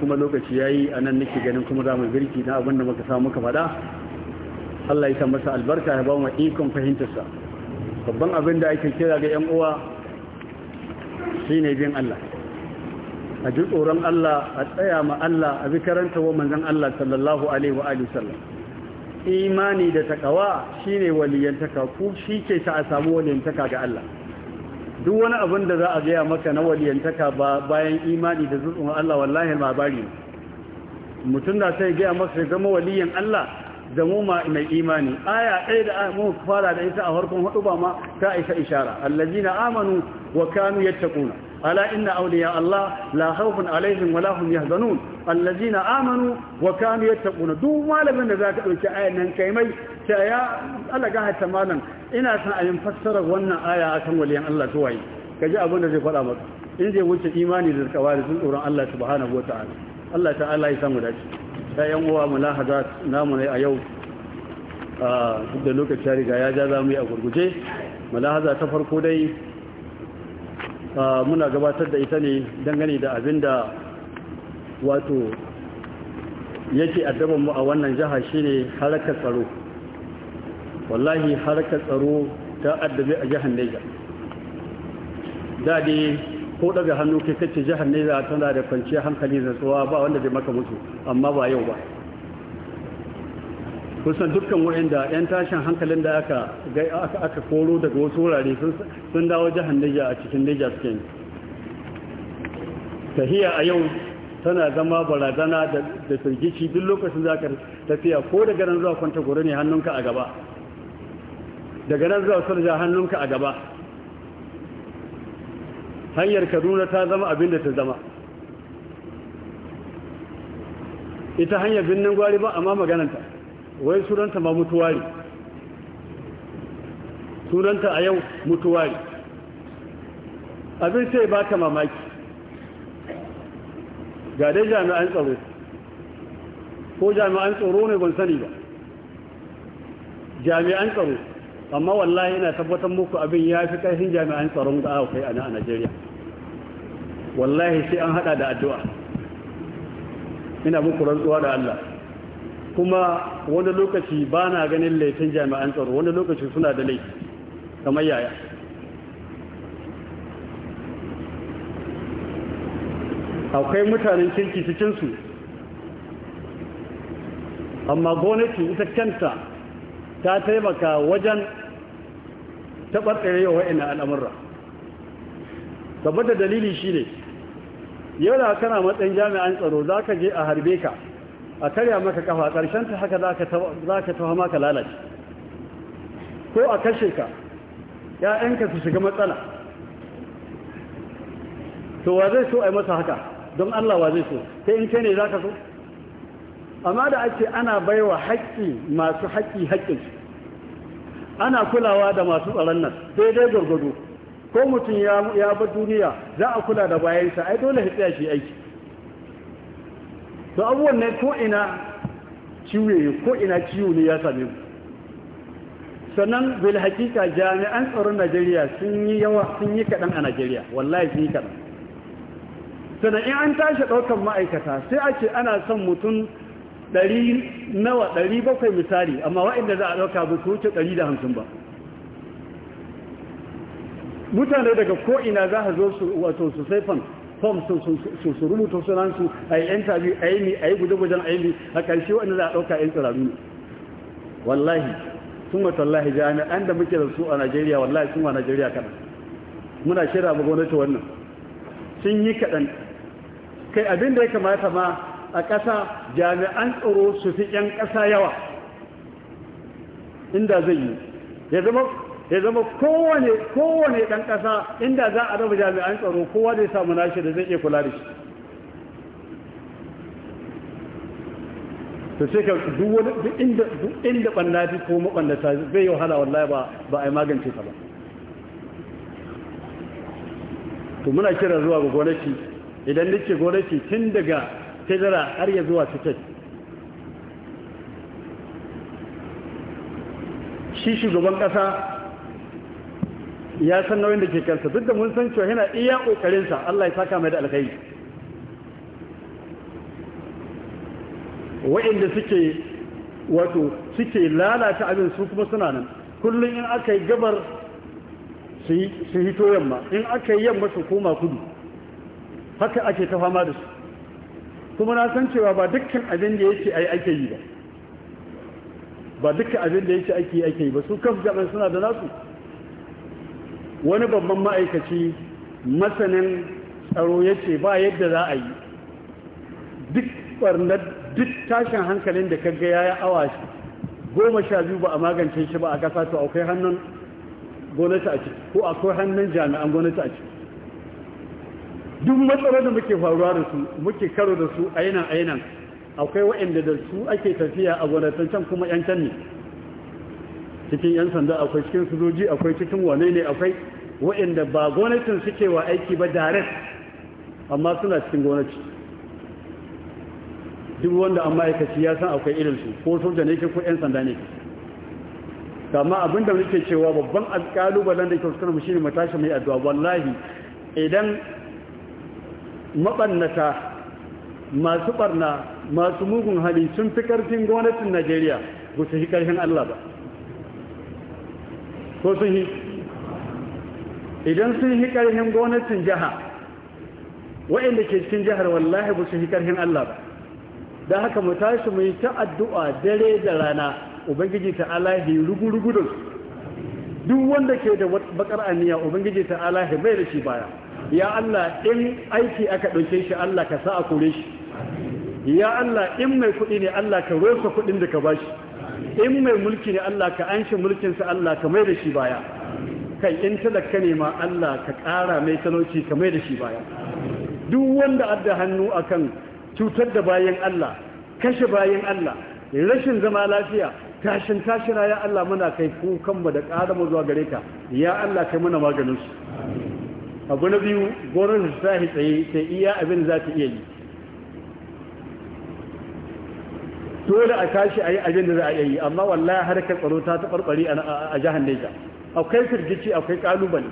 kuma lokaci ya yi a nan nake ganin kuma za mu girki na abinda muka samu muka faɗa Allah ya sa masa albarka ya ba mu ikon fahimtarsa babban abin da ake kira ga 'yan uwa shine bin Allah a ji tsoron Allah a tsaya ma Allah a bi karanta wa manzon Allah sallallahu alaihi wa alihi sallam imani da takawa shine waliyantaka ku shike ta a samu waliyantaka ga Allah duk wani abin da za a gaya maka na waliyantaka ba bayan imani da zutsun Allah wallahi labari mutum da sai gaya maka zama waliyan Allah zamo mai imani aya ɗaya da mu fara da ita a harkon hudu ba ma ta isa ishara allazina amanu wa kanu yattaquna ala inna awliya Allah la khawfun alaihim wa la hum yahzanun allazina amanu wa kanu yattaquna duk malamin da zaka dauki ayan nan kai mai ta ya Allah ga hatta malam ina san abin fassarar wannan aya akan waliyan Allah to waye kaji abin da zai faɗa maka in zai wuce imani da zakawari sun tsoron Allah subhanahu wataala Allah ta'ala ya samu dace Ya yan uwa mulahaza namu ne a yau da lokaci ya riga ya ja za mu yi a gurguje mulahaza ta farko dai muna gabatar da ita ne dangane da abinda da wato yake addaban mu a wannan jihar shine halakar tsaro wallahi har ka tsaro ta addabi a jihar Niger da ko daga hannu ke kace jihar Niger tana da kwanciyar hankali da tsowa ba wanda zai maka mutu amma ba yau ba kusan dukkan wa'anda yan tashin hankalin da aka aka koro daga wasu wurare sun dawo jihar Niger a cikin Niger suke tahiya a yau tana zama barazana da firgici duk lokacin za ka tafiya ko da nan zuwa kwanta gure ne hannunka a gaba daga nan zuwa sarja hannunka a gaba hanyar kaduna ta zama abin da ta zama ita hanyar binnin gwari ba amma magananta wai sunanta ma mutuwari sunanta a yau mutuwari abin sai ba ka mamaki ga dai jami'an tsaro ko jami'an tsoro ne ban sani ba jami'an tsaro amma wallahi yana tabbatar muku abin ya fi ƙarfin jami'an tsaron da aka kai a nan a Najeriya wallahi sai an hada da addu'a ina muku rantsuwa da Allah kuma wani lokaci ba na ganin laifin jami'an tsaro wani lokaci suna da laifi kamar yaya akwai mutanen kirki cikinsu amma gwamnati ita kanta ta taimaka wajen taɓarɓare yau wa'ina al'amurra saboda dalili shi ne yau da kana matsayin jami'an tsaro za ka je a harbe ka a karya maka kafa ƙarshen ta haka za ka tawa maka lalace ko a kashe ka ‘ya'yanka su shiga matsala to wa zai so a yi masa haka don Allah wa zai so ta in kai ne za ka so amma da ake ana baiwa haƙƙi masu haƙƙi haƙƙinsu ana kulawa da masu tsaron nan daidai gwargwado ko mutum ya ba duniya za a kula da bayansa ai dole ya tsaya shi aiki to abuwan ne ko ina ciwo ko ina ciwo ne ya same mu sannan bil hakika jami'an tsaron Najeriya sun yi yawa sun yi kaɗan a Najeriya wallahi sun yi kaɗan sannan in an tashi ɗaukar ma'aikata sai ake ana son mutum ɗari nawa ɗari bakwai misali amma wa'inda za a ɗauka ba su wuce ɗari da hamsin ba mutane daga ko'ina za a zo su wato su saifan fom su su rubuta sunansu a yi interview a yi a yi gudan gujen a yi a ƙarshe wanda za a ɗauka yan tsirarru ne wallahi sun wata wallahi jami'an da muke da su a najeriya wallahi sun wa najeriya kaɗan muna shirya ma gwamnati wannan sun yi kaɗan kai abin da ya kamata ma a ƙasa jami'an tsaro su fi ƴan ƙasa yawa inda zai yi ya zama kowane kowane ɗan ƙasa inda za a raba jami'an tsaro kowa zai samu nashi da zai iya kula da shi Ta sai ka duk duk inda ɓanna fi bannati ko mabannata zai yi wahala wallahi ba a yi magance ta ba to muna kira zuwa ga gonaki idan nake gonaki tun daga shajara har ya zuwa fitar shi shugaban ƙasa ya san nauyin da ke kansa duk da mun san cewa yana iya ƙoƙarinsa Allah ya saka mai da alkhairi waɗanda suke wato suke lalata abin su kuma suna nan kullum in aka yi gabar su hito yamma in aka yi yamma su koma kudu haka ake ta fama da su kuma na san cewa ba dukkan abin da yake ai ake yi ba ba dukkan abin da yake ake ake yi ba su kan gaban suna da nasu wani babban ma'aikaci masanin tsaro ya ce ba yadda za a yi duk barnar duk tashin hankalin da kaga ya yi awa shi, goma sha biyu ba a magance shi ba a kasa to akwai hannun gwamnati a ciki ko akwai hannun jami'an gwamnati a ciki duk matsalar da muke faruwa da su muke karo da su a ainihin akwai waɗanda da su ake tafiya a can kuma yan can ne cikin yan sanda akwai cikin sojoji akwai cikin wane ne akwai waɗanda ba gwamnatin suke wa aiki ba direct amma suna cikin gwanaci duk wanda an ma'aikaci ya san akwai irinsu ko soja ne ko yan sanda ne amma abin da muke cewa babban alƙalubalen da ke fuskan mu ne matashi mai addu'a wallahi idan maɓannata masu ɓarna masu mugun hali sun fi ƙarfin gwamnatin najeriya ba su yi ƙarfin allah ba ko sun yi idan sun yi ƙarfin gwamnatin jiha waɗanda ke cikin jihar wallahi ba su yi ƙarfin allah ba Da haka mu tashi mu yi ta addu'a dare da rana ubangiji ta alahi rugu-rugu duk wanda ke da bakar aniya ubangiji ta ya mai da shi baya ya Allah in aiki aka ɗauke shi Allah ka sa a kore shi ya Allah in mai kuɗi ne Allah ka rosa kuɗin da ka bashi in mai mulki ne Allah ka anshi mulkinsa Allah ka mai da shi baya kai in talaka ne ma Allah ka ƙara mai talauci ka mai da shi baya duk wanda adda hannu akan cutar da bayan Allah kashe bayan Allah rashin zama lafiya tashin tashira ya Allah muna kai kukan mu da ƙara mu zuwa gare ka ya Allah kai muna maganin su abu na biyu gonar su tashi tsaye ta iya abin za ta iya yi dole a tashi a yi abin da za a iya yi amma wallahi harkar tsaro ta taɓarɓare a jihar Niger akwai firgici akwai ƙalubale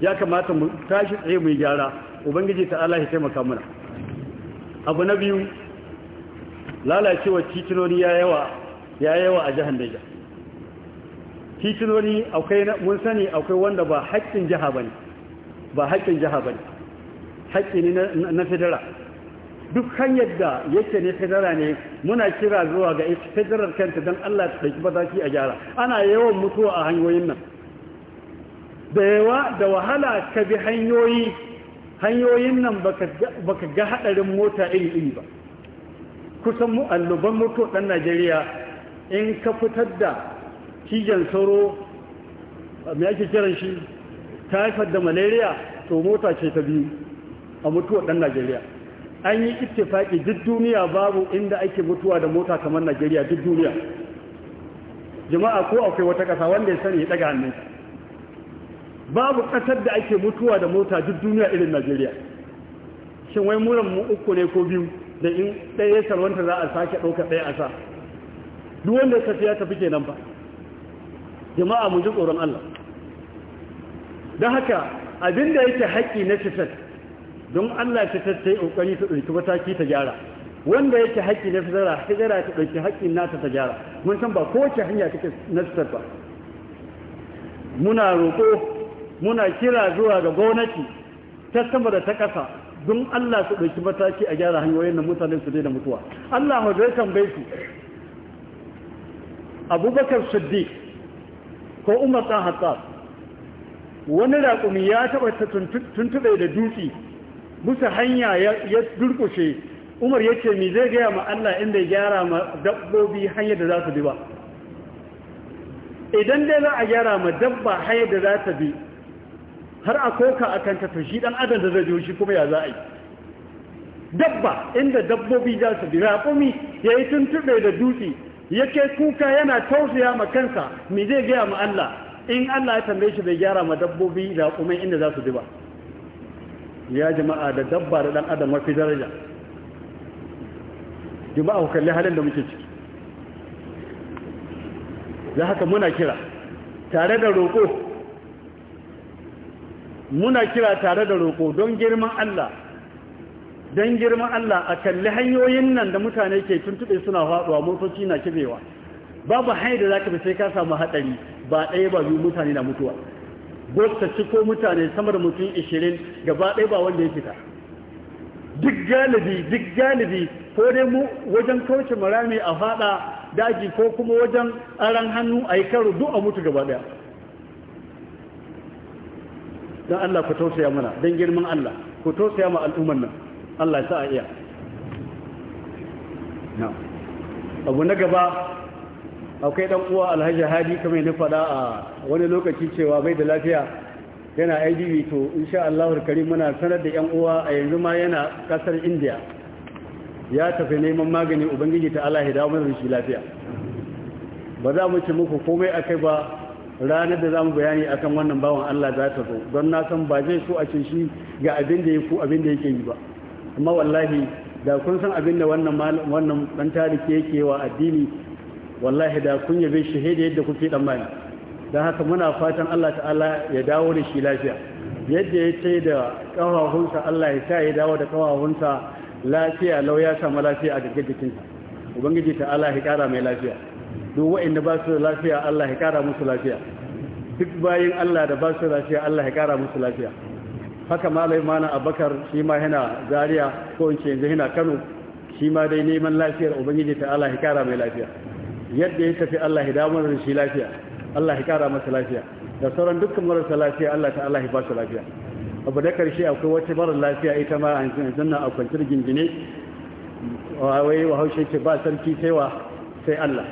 ya kamata mu tashi tsaye mu yi gyara ubangiji ta Allah ya taimaka mana abu na biyu lalacewa titinoni ya yawa ya yawa a jihar Niger titinoni akwai mun sani akwai wanda ba haƙƙin jiha bane ba haƙƙin jiha ba ne haƙƙi ne na federa. duk hanyar da yake ne federa ne muna kira zuwa ga fidarar kanta don allah ta ɗauki mataki a gyara ana yawan mutuwa a hanyoyin nan da yawa da wahala ka bi hanyoyi hanyoyin nan ba ka ga haɗarin mota iri iri ba kusan mu'alluban mutu ɗan najeriya in ka fitar da cijan sauro mai ake kiran shi typhoid da malaria to mota ce ta biyu a mutuwar ɗan Najeriya an yi ittifaki duk duniya babu inda ake mutuwa da mota kamar Najeriya duk duniya jama'a ko akwai wata ƙasa wanda ya sani ya ɗaga hannun babu ƙasar da ake mutuwa da mota duk duniya irin Najeriya shin wai muran mu uku ne ko biyu da in ɗaya ya salwanta za a sake ɗauka ɗaya a sa duk wanda ya tafi ya tafi kenan ba jama'a mu ji tsoron Allah don haka abinda yake haƙƙi na fisat don Allah ta tattai ƙoƙari ta ɗauki mataki ta gyara wanda yake haƙƙi na fitara fitara ta ɗauki haƙƙin nata ta gyara mun san ba kowace hanya take na fisat ba muna roƙo muna kira zuwa ga gwamnati ta sama da ta ƙasa don Allah su ɗauki mataki a gyara hanyoyin da mutane su daina mutuwa Allah zai tambaye su Abubakar Siddiq ko Umar Ɗan Hatsar. wani raƙumi ya taɓa tuntuɓe da dutse musa hanya ya durƙushe umar ya ce mi zai gaya ma Allah inda gyara ma dabbobi hanyar da za su bi ba idan dai za a gyara ma dabba hanyar da za ta bi har a koka a kanta to shi ɗan adam da zai shi kuma ya za a yi dabba inda dabbobi za su bi raƙumi ya yi tuntuɓe da dutse yake kuka yana tausaya ma kansa mi zai gaya ma Allah in Allah ya tambaye shi bai gyara ma dabbobi da kuma inda za su ji ba ya jama'a da dabba da dan adam mafi daraja jama'a ku kalli halin da muke ciki da haka muna kira tare da roƙo muna kira tare da roƙo don girman Allah don girman Allah a kalli hanyoyin nan da mutane ke tuntube suna faɗuwa motoci na kibewa babu hanyar da ka fi sai ka samu haɗari, ba ɗaya ba biyu mutane na mutuwa gobta ci ko mutane sama da mutum 20 gaba ɗaya ba wanda ya fita duk galibi duk galibi ko dai mu wajen kauce marami a faɗa daji ko kuma wajen aran hannu a yi karo duk a mutu gaba ɗaya don Allah ku tausaya mana don girman Allah ku tausaya ma al'ummar nan Allah ya sa a iya abu na gaba akwai dan uwa alhaji hadi kamar ne fada a wani lokaci cewa bai da lafiya yana idb to insha Allah karim muna sanar da yan uwa a yanzu ma yana kasar india ya tafi neman magani ubangiji ta Allah hidawa mai mana lafiya ba za mu ci muku komai a kai ba ranar da za mu bayani akan wannan bawan Allah za ta zo don na san ba zai so a cin shi ga abin da ya ku abin da yake yi ba amma wallahi da kun san abin da wannan wannan dan tariki yake wa addini wallahi da kun yabe shi da yadda kuke mani. dan haka muna fatan Allah ta'ala ya dawo da shi lafiya yadda ya ce da kawahunsa Allah ya sa ya dawo da kawahunsa lafiya lau ya samu lafiya a gargar jikinsa ubangiji ta'ala ya kara mai lafiya duk wa'anda ba su da lafiya Allah ya kara musu lafiya duk bayin Allah da ba su da lafiya Allah ya kara musu lafiya haka malai mana abakar shi ma yana zaria ko in ce yanzu yana kano shi ma dai neman lafiyar ubangiji ta'ala ya kara mai lafiya yadda ya tafi Allah ya damar da shi lafiya Allah ya kara masa lafiya da sauran dukkan marasa lafiya Allah ta Allah ya ba su lafiya abu da karshe akwai wata mara lafiya ita ma an zanna a kwantar gingine wai haushe ce ba sarki saiwa sai Allah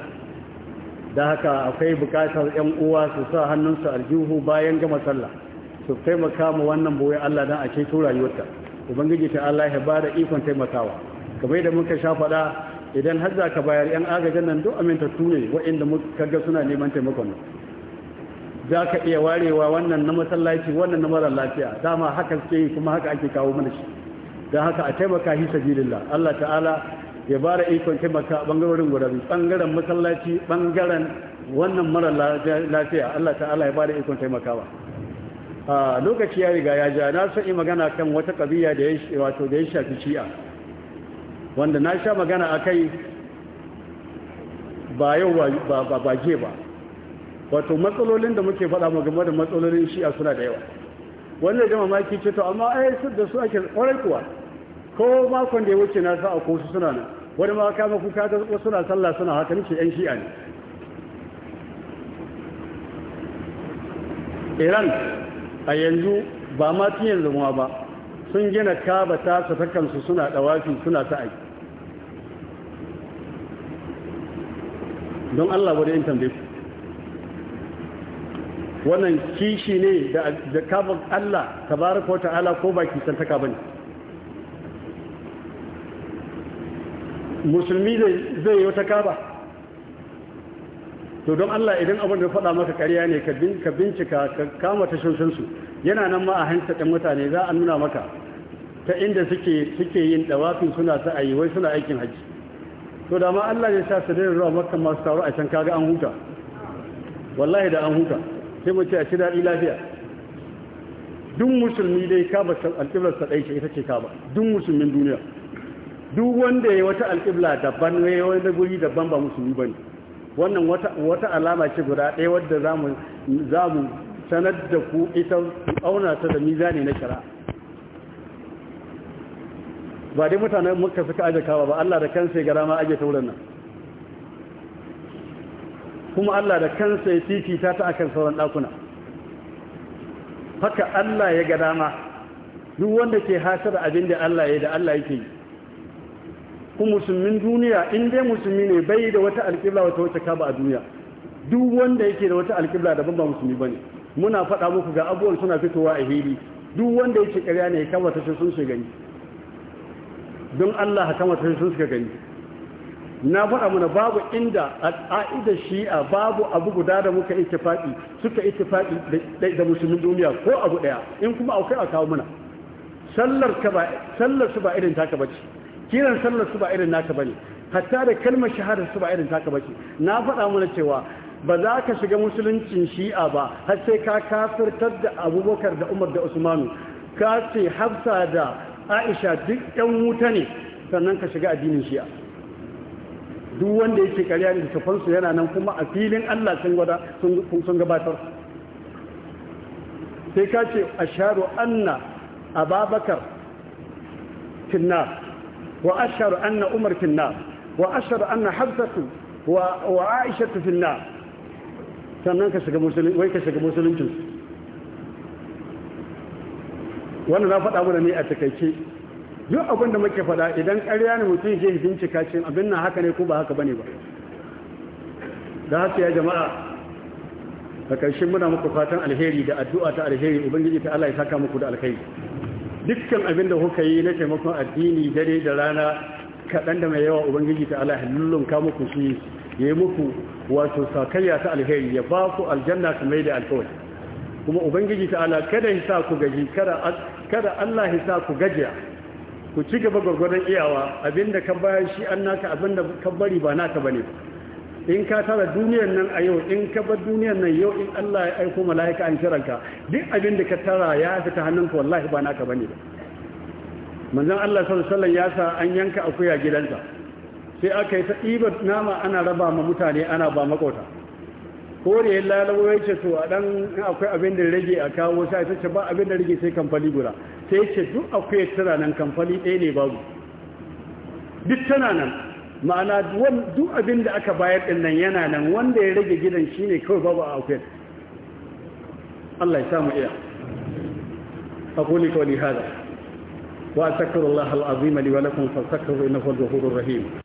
da haka akwai bukatar yan uwa su sa hannunsu aljihu bayan gama sallah su taimaka mu wannan boye Allah dan a ceto rayuwarta ubangiji ta Allah ya ba da ikon taimakawa kamar da muka sha faɗa idan har za ka bayar yan agajin nan duk amintattu ne waɗanda kaga suna neman taimakon nan za ka iya warewa wannan na masallaci wannan na mara lafiya dama haka ke yi kuma haka ake kawo mana shi don haka a taimaka shi sabilillah Allah ta'ala ya bara ikon taimaka bangarorin gurabi bangaren masallaci bangaren wannan mara lafiya Allah ta'ala ya bara ikon taimakawa a ah, lokaci ya riga ya ja na sai magana kan wata kabiya da wato da ya shafi shi'a wanda na sha magana a kai ba yau ba ba je ba wato matsalolin da muke faɗa mu game da matsalolin a suna da yawa wanda da mamaki ce to amma ai su da su ake kwarai kuwa ko makon da ya wuce na sa a kusa suna nan wani ma kama kuka ta wasu suna sallah suna haka nake yan shi'a ne iran a yanzu ba ma tun yanzu ba sun gina kaba ta su suna dawafi suna sa'ai don Allah wani in tambaye ku wannan kishi ne da da kabin Allah bari ko ta'ala ko baki san taka ne. musulmi zai yi wata kaba to don Allah idan abin da faɗa maka ƙarya ne ka bincika ka kama ta tashoshinsu yana nan ma a hanta ɗan mutane za a nuna maka ta inda suke yin ɗawafin suna ayi wai suna aikin hajji to da ma Allah ya sa su da zuwa makka masu taro a can kaga an huta wallahi da an huta sai mu ce a shi daɗi lafiya duk musulmi dai kaba alƙiblar sa ɗai ce ita ce kaba duk musulmin duniya duk wanda ya wata alƙibla daban ne wani guri daban ba musulmi ba ne wannan wata alama ce guda ɗaya wadda za mu sanar da ku ita auna ta da mizani na shari'a ba dai mutanen muka suka aje kawa ba Allah da kansa ya gara ma aje ta wurin nan kuma Allah da kansa ya fifita ta akan sauran ɗakuna haka Allah ya ga ma duk wanda ke hasar abin da Allah ya da Allah yake yi ku musulmin duniya in dai musulmi ne bai da wata alƙibla wata wata kaba a duniya duk wanda yake da wata alƙibla daban babban musulmi bane muna faɗa muku ga abubuwan suna fitowa a hili duk wanda yake ƙarya ne ya kaba ta sun shi gani don Allah haka matashi sun suka gani na faɗa muna babu inda al'a'ida shi'a babu abu guda da muka ita faɗi suka ita faɗi da musulmin duniya ko abu ɗaya. in kuma aukai a kawo muna sallar su ba irin taka bace kiran sallar su ba irin naka bane hatta da kalmar shahada su ba irin taka bace na faɗa muna cewa ba za ka shiga musuluncin shi'a ba har sai ka kafirtar da abubakar da umar da usmanu ka ce hafsa da aisha duk yan wuta ne sannan ka shiga addinin shi'a duk wanda yake karya da tafansu yana nan kuma a filin allah sun gwada sun gabatar sai ka ce a sharu anna ababakar finna wa a sharu anna umar finna wa a sharu anna hafsatu wa aisha finna sannan ka shiga musulunci wannan na faɗa mana ne a takaice duk abin da muke faɗa idan ƙarya ne mutum ke bincika cin abin nan haka ne ko ba haka ne ba da haka ya jama'a a ƙarshen muna muku fatan alheri da addu'a ta alheri ubangiji ta Allah ya saka muku da alheri dukkan abin da kuka yi na taimakon addini dare da rana kaɗan da mai yawa ubangiji ta Allah lullunka muku shi ya yi muku wato sakayya ta alheri ya ba ku aljanna su mai da alkawari kuma ubangiji ta Allah kada ya sa ku gaji kada kada Allah ya sa ku gajiya ku ci gaba gwargwadon iyawa abinda ka bayar shi an naka abinda ka bari ba naka bane in ka tara duniyar nan a yau in ka bar duniyar nan yau in Allah ya aiko mala'ika an kiranka duk abinda ka tara ya fita ka wallahi ba naka bane ba manzon Allah sallallahu alaihi wasallam ya sa an yanka akuya gidansa sai aka yi ta ɗibar nama ana raba ma mutane ana ba makota ko da ya ya ce to a dan akwai abin da rage a kawo sai ta ce ba abin da rage sai kamfani guda sai yi ce duk akwai tana nan kamfani ɗaya ne babu duk tana nan ma'ana duk abin da aka bayar ɗin nan yana nan wanda ya rage gidan shi ne kawai babu a akwai Allah ya samu iya aquli kawai hada wa astaghfirullah Allah azim li wa lakum fastaghfiruhu innahu huwal ghafurur rahim